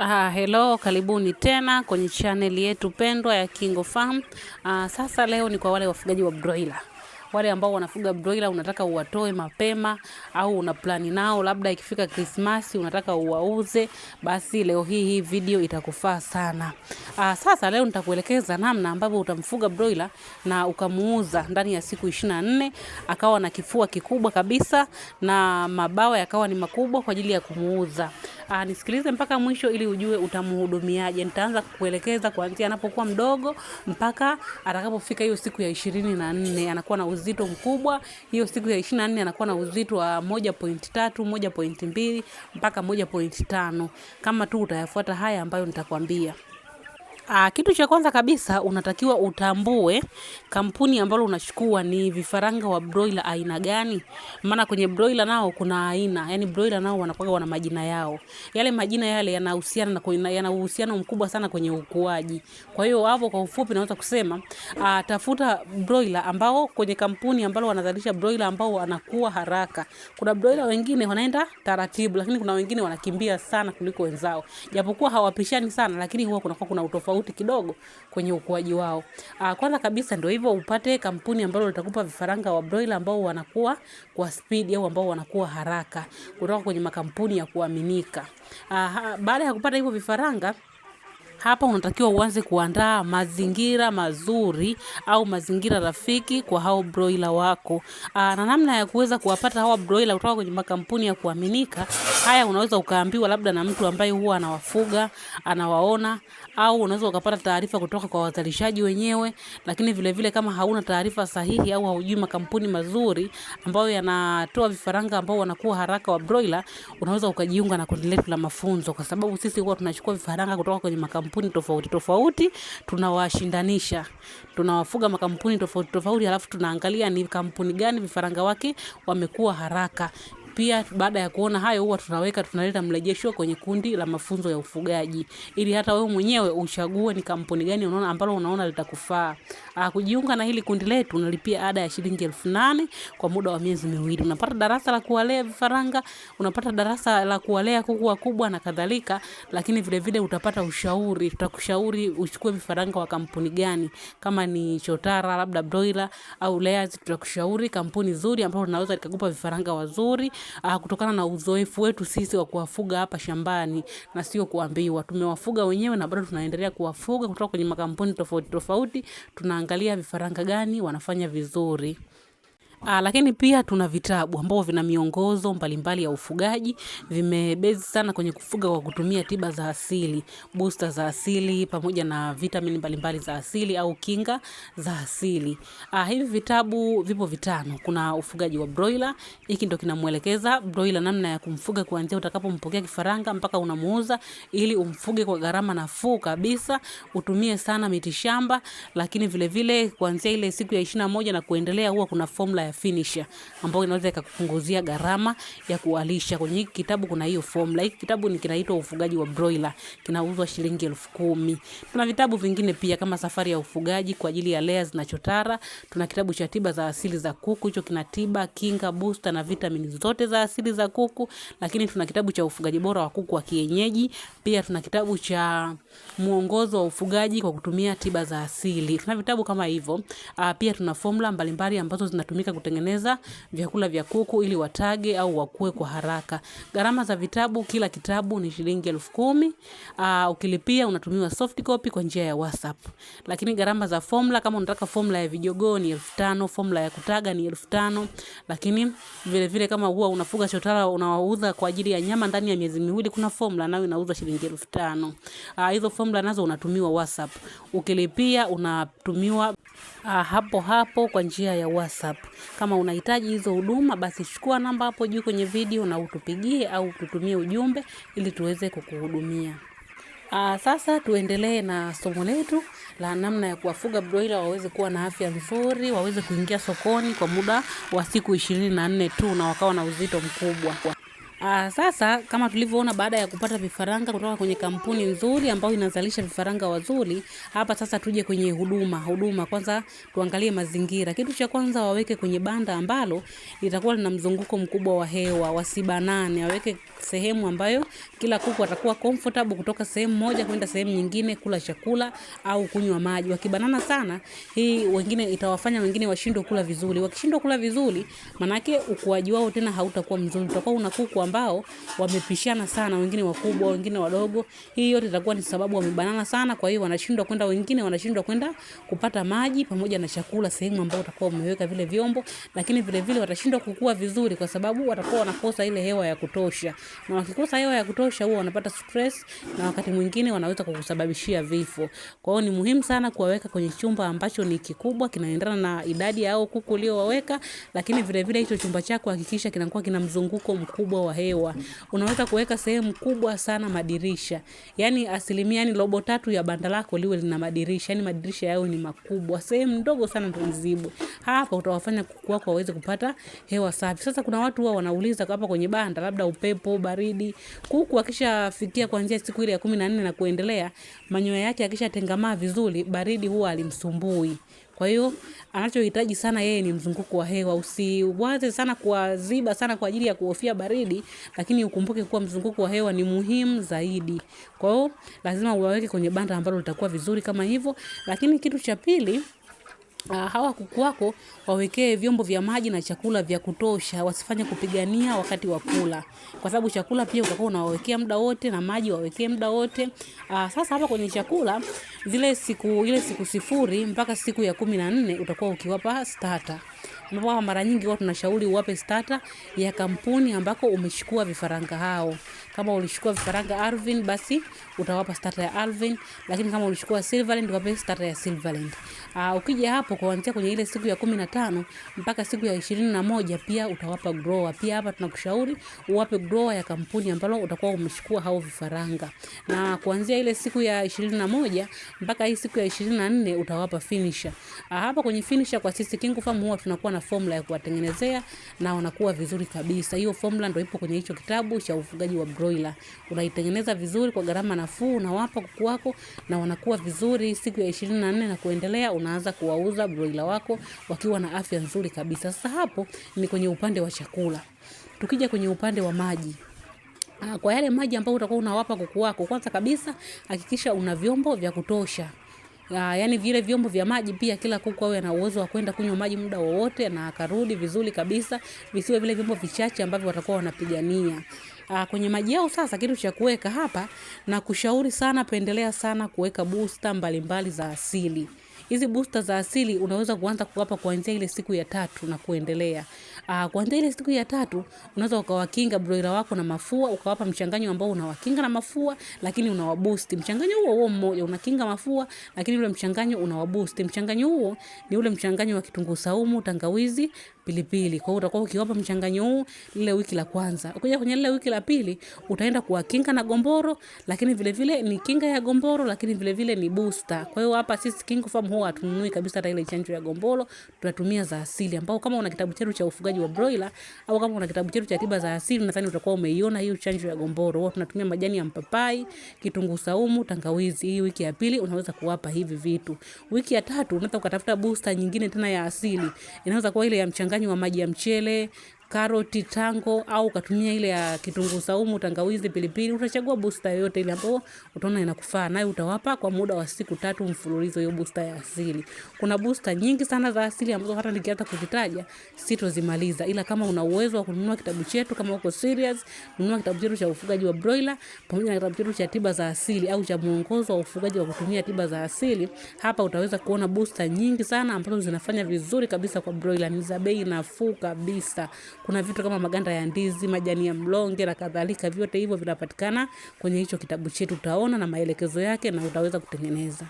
Ah, hello, karibuni tena kwenye chaneli yetu pendwa ya Farm. Ah, sasa leo ni kwa wale wafugaji wa broiler wale ambao wanafuga broiler unataka uwatoe mapema au una plani nao, labda ikifika Krismasi unataka uwauze, basi leo hii hii video itakufaa sana. Aa, ah, sasa leo nitakuelekeza namna ambavyo utamfuga broiler na ukamuuza ndani ya siku 24 akawa na kifua kikubwa kabisa na mabawa yakawa ni makubwa kwa ajili ya kumuuza. Aa, ah, nisikilize mpaka mwisho ili ujue utamhudumiaje. Nitaanza kukuelekeza kuanzia anapokuwa mdogo mpaka atakapofika hiyo siku ya 24 anakuwa na uzi uzito mkubwa. Hiyo siku ya 24 anakuwa na uzito wa 1.3, 1.2 mpaka 1.5 kama tu utayafuata haya ambayo nitakwambia. Ah, kitu cha kwanza kabisa unatakiwa utambue kampuni ambalo unachukua ni vifaranga wa broiler aina gani. Maana kwenye broiler nao kuna aina, yani broiler nao wanakuwa wana majina yao. Yale majina yale yanahusiana na yana uhusiano mkubwa sana kwenye ukuaji. Kwa hiyo hapo kwa ufupi naweza kusema ah, tafuta broiler ambao kwenye kampuni ambalo wanazalisha broiler ambao wanakuwa haraka. Kuna broiler wengine wanaenda taratibu, lakini kuna wengine wanakimbia sana kuliko wenzao. Japokuwa hawapishani sana, lakini huwa kunakuwa kuna utofauti tofauti kidogo kwenye ukuaji wao. Uh, kwanza kabisa ndio hivyo, upate kampuni ambalo litakupa vifaranga wa broiler ambao wanakuwa kwa speed au ambao wanakuwa haraka kutoka kwenye makampuni ya kuaminika. Uh, baada ya kupata hivyo vifaranga hapa unatakiwa uanze kuandaa mazingira mazuri au mazingira rafiki kwa hao broiler wako. Aa, ah, na namna ya kuweza kuwapata hawa broiler kutoka kwenye makampuni ya kuaminika, haya unaweza ukaambiwa labda na mtu ambaye huwa anawafuga, anawaona au unaweza ukapata taarifa kutoka kwa wazalishaji wenyewe, lakini vile vile kama hauna taarifa sahihi au haujui makampuni mazuri ambayo yanatoa vifaranga ambao wanakuwa haraka wa broiler, unaweza ukajiunga na kundi letu la mafunzo kwa sababu sisi huwa tunachukua vifaranga kutoka kwenye makampuni makampuni tofauti tofauti, tunawashindanisha, tunawafuga makampuni tofauti tofauti, alafu tunaangalia ni kampuni gani vifaranga wake wamekuwa haraka. Pia baada ya kuona hayo, huwa tunaweka tunaleta mrejesho kwenye kundi la mafunzo ya ufugaji, ili hata wewe mwenyewe uchague ni kampuni gani unaona ambalo unaona litakufaa. Ah, kujiunga na hili kundi letu unalipia ada ya shilingi elfu nane kwa muda wa miezi miwili. Unapata darasa la kuwalea vifaranga, unapata darasa la kuwalea kuku wakubwa na kadhalika, lakini vile vile utapata ushauri. Tutakushauri uchukue vifaranga wa kampuni gani, kama ni chotara labda broiler au layers, tutakushauri kampuni nzuri ambayo tunaweza likakupa vifaranga wazuri uh, kutokana na uzoefu wetu sisi wa kuwafuga hapa shambani na sio kuambiwa. Tumewafuga wenyewe na bado tunaendelea kuwafuga kutoka kwenye makampuni tofauti tofauti, tunaangalia vifaranga gani wanafanya vizuri. Aa, ah, lakini pia tuna vitabu ambavyo vina miongozo mbalimbali ya ufugaji, vimebezi sana kwenye kufuga kwa kutumia tiba za asili, booster za asili pamoja na vitamini mbalimbali za asili au kinga za asili. Aa, ah, hivi vitabu vipo vitano. Kuna ufugaji wa broiler, hiki ndio kinamuelekeza broiler namna ya kumfuga kuanzia utakapompokea kifaranga mpaka unamuuza ili umfuge kwa gharama nafuu kabisa, utumie sana mitishamba, lakini vile vile kuanzia ile siku ya 21 na kuendelea huwa kuna formula ya finisher ambayo inaweza ikakupunguzia gharama ya kuwalisha. Kwenye hiki kitabu kuna hiyo formula. Hiki kitabu ni kinaitwa Ufugaji wa Broiler, kinauzwa shilingi elfu kumi. Tuna vitabu vingine pia kama Safari ya Ufugaji kwa ajili ya layers na chotara. Tuna kitabu cha tiba za asili za kuku, hicho kina tiba, kinga, booster na vitamini zote za asili za kuku. Lakini tuna kitabu cha ufugaji bora wa kuku wa kienyeji, pia tuna kitabu cha mwongozo wa ufugaji kwa kutumia tiba za asili. Tuna vitabu kama hivyo. Ah, pia tuna formula mbalimbali ambazo zinatumika kutengeneza vyakula vya kuku ili watage au wakue kwa haraka. Gharama za vitabu, kila kitabu ni shilingi elfu kumi. Uh, ukilipia unatumiwa soft copy kwa njia ya WhatsApp. Lakini gharama za formula, kama unataka formula ya vijogoo ni elfu tano, formula ya kutaga ni elfu tano. Lakini vile vile kama huwa unafuga chotara unawauza kwa ajili ya nyama ndani ya miezi miwili, kuna formula nayo inauzwa shilingi elfu tano. Uh, hizo formula nazo unatumiwa WhatsApp. Ukilipia unatumiwa uh, hapo hapo kwa njia ya WhatsApp. Kama unahitaji hizo huduma, basi chukua namba hapo juu kwenye video na utupigie au tutumie ujumbe ili tuweze kukuhudumia. Aa, ah, sasa tuendelee na somo letu la namna ya kuwafuga broila waweze kuwa na afya nzuri, waweze kuingia sokoni kwa muda wa siku ishirini na nne tu na wakawa na uzito mkubwa. Aa, ah, sasa kama tulivyoona baada ya kupata vifaranga kutoka kwenye kampuni nzuri ambayo inazalisha vifaranga wazuri, hapa sasa tuje kwenye huduma. Huduma kwanza tuangalie mazingira. Kitu cha kwanza waweke kwenye banda ambalo litakuwa lina mzunguko mkubwa wa hewa, wasibanane. Waweke sehemu ambayo kila kuku atakuwa comfortable kutoka sehemu moja kwenda sehemu nyingine kula chakula au kunywa maji. Wakibanana sana, hii wengine itawafanya wengine washindwe kula vizuri. Wakishindwa kula vizuri, manake ukuaji wao tena hautakuwa mzuri. Utakuwa una kuku ambao wamepishana sana, wengine wakubwa, wengine wadogo. Hii yote itakuwa ni sababu wamebanana sana, kwa hiyo wanashindwa kwenda, wengine wanashindwa kwenda kupata maji pamoja na chakula sehemu ambayo utakuwa umeweka vile vyombo, lakini vile vile watashindwa kukua vizuri kwa sababu watakuwa wanakosa ile hewa ya kutosha, na wakikosa hewa ya kutosha huwa wanapata stress na wakati mwingine wanaweza kukusababishia vifo. Kwa hiyo ni muhimu sana kuwaweka kwenye chumba ambacho ni kikubwa, kinaendana na idadi yao kuku uliowaweka, lakini vile vile hicho chumba chako hakikisha kinakuwa kina mzunguko mkubwa wa hewa. Unaweza kuweka sehemu kubwa sana madirisha. yani asilimia ni yaani robo tatu ya banda lako liwe lina madirisha. yani madirisha yawe ni makubwa. Sehemu ndogo sana ndio nzibwe. Hapa utawafanya kuku wako waweze kupata hewa safi. Sasa kuna watu huwa wanauliza hapa kwenye banda labda upepo, baridi. Kuku akishafikia kuanzia siku ile ya kumi na nne na kuendelea, manyoya yake akishatengamaa vizuri, baridi huwa alimsumbui. Kwa hiyo anachohitaji sana yeye ni mzunguko wa hewa. Usiwaze sana kuwaziba sana kwa ajili ya kuhofia baridi, lakini ukumbuke kuwa mzunguko wa hewa ni muhimu zaidi. Kwa hiyo lazima uwaweke kwenye banda ambalo litakuwa vizuri kama hivyo. Lakini kitu cha pili Uh, hawa kuku wako wawekee vyombo vya maji na chakula vya kutosha, wasifanye kupigania wakati wa kula, kwa sababu chakula pia utakuwa unawawekea muda wote na maji wawekee muda wote. Uh, sasa hapa kwenye chakula zile siku ile siku sifuri mpaka siku ya kumi na nne utakuwa ukiwapa starter. Mara nyingi huwa tunashauri uwape starter ya kampuni ambako umechukua vifaranga hao. Kama ulichukua vifaranga Alvin, basi utawapa starter ya Alvin, lakini kama ulichukua Silverland ukape starter ya Silverland. Uh, ukija hapo kuanzia kwenye ile siku ya 15 mpaka siku ya 21 pia utawapa grower. Pia hapa tunakushauri uwape grower ya kampuni ambalo utakuwa umechukua hao vifaranga. Na kuanzia ile siku ya 21 mpaka hii siku ya 24 utawapa finisher. Uh, hapa kwenye finisher kwa sisi King Farm huwa tunakuwa na formula ya kuwatengenezea na wanakuwa vizuri kabisa. Hiyo formula ndio ipo kwenye hicho kitabu cha ufugaji wa grower broiler. Unaitengeneza vizuri kwa gharama nafuu, unawapa kuku wako na wanakuwa vizuri siku ya 24 na kuendelea, unaanza kuwauza broiler wako wakiwa na afya nzuri kabisa. Sasa hapo ni kwenye upande wa chakula. Tukija kwenye upande wa maji, ah, kwa yale maji ambayo utakuwa unawapa kuku wako, kwanza kabisa hakikisha una vyombo vya kutosha. Ah, yani vile vyombo vya maji pia kila kuku awe na uwezo wa kwenda kunywa maji muda wowote na akarudi vizuri kabisa, visiwe vile vyombo vichache ambavyo watakuwa wanapigania. Aa, ah, kwenye maji yao sasa, kitu cha kuweka hapa na kushauri sana, pendelea sana kuweka booster mbalimbali za asili. Hizi booster za asili unaweza kuanza kuwapa kuanzia ile siku ya tatu na kuendelea. Ah, kuanzia ile siku ya tatu unaweza ukawakinga broiler wako na mafua, ukawapa mchanganyo ambao unawakinga na mafua lakini unawaboost. Mchanganyo huo huo mmoja unakinga mafua lakini ule mchanganyo unawaboost. Mchanganyo huo ni ule mchanganyo wa kitunguu saumu, tangawizi pilipili. Kwa hiyo utakuwa ukiwapa mchanganyo huu lile wiki la kwanza. Ukija kwenye lile wiki la pili, utaenda kuwakinga na gomboro, lakini vile vile ni kinga ya gomboro, lakini vile vile ni booster. Kwa hiyo hapa sisi King Farm huwa hatununui kabisa hata ile chanjo ya gomboro, tunatumia za asili. Ambao kama una kitabu chetu cha ufugaji wa broiler au kama una kitabu chetu cha tiba za asili, nadhani utakuwa umeiona hiyo chanjo ya gomboro. Huwa tunatumia majani ya mpapai, kitunguu saumu, tangawizi. Hii wiki ya pili unaweza kuwapa hivi vitu. Wiki ya tatu unaweza ukatafuta booster nyingine tena ya asili. Inaweza kuwa ile ya mchanganyo mchanganyo wa maji ya mchele karoti, tango au ukatumia ile ya kitunguu saumu, tangawizi, pilipili. Utachagua booster yoyote ile ambayo utaona inakufaa, nayo utawapa kwa muda wa siku tatu mfululizo, hiyo booster ya asili. Kuna booster nyingi sana za asili ambazo hata nikianza kuzitaja sitozimaliza, ila kama una uwezo wa kununua kitabu chetu, kama uko serious, nunua kitabu chetu cha ufugaji wa broiler pamoja na kitabu chetu cha tiba za asili au cha mwongozo wa ufugaji wa kutumia tiba za asili. Hapa utaweza kuona booster nyingi sana ambazo zinafanya vizuri kabisa kwa broiler, ni za bei nafuu kabisa. Kuna vitu kama maganda ya ndizi, majani ya mlonge na kadhalika, vyote hivyo vinapatikana kwenye hicho kitabu chetu, utaona na maelekezo yake na utaweza kutengeneza.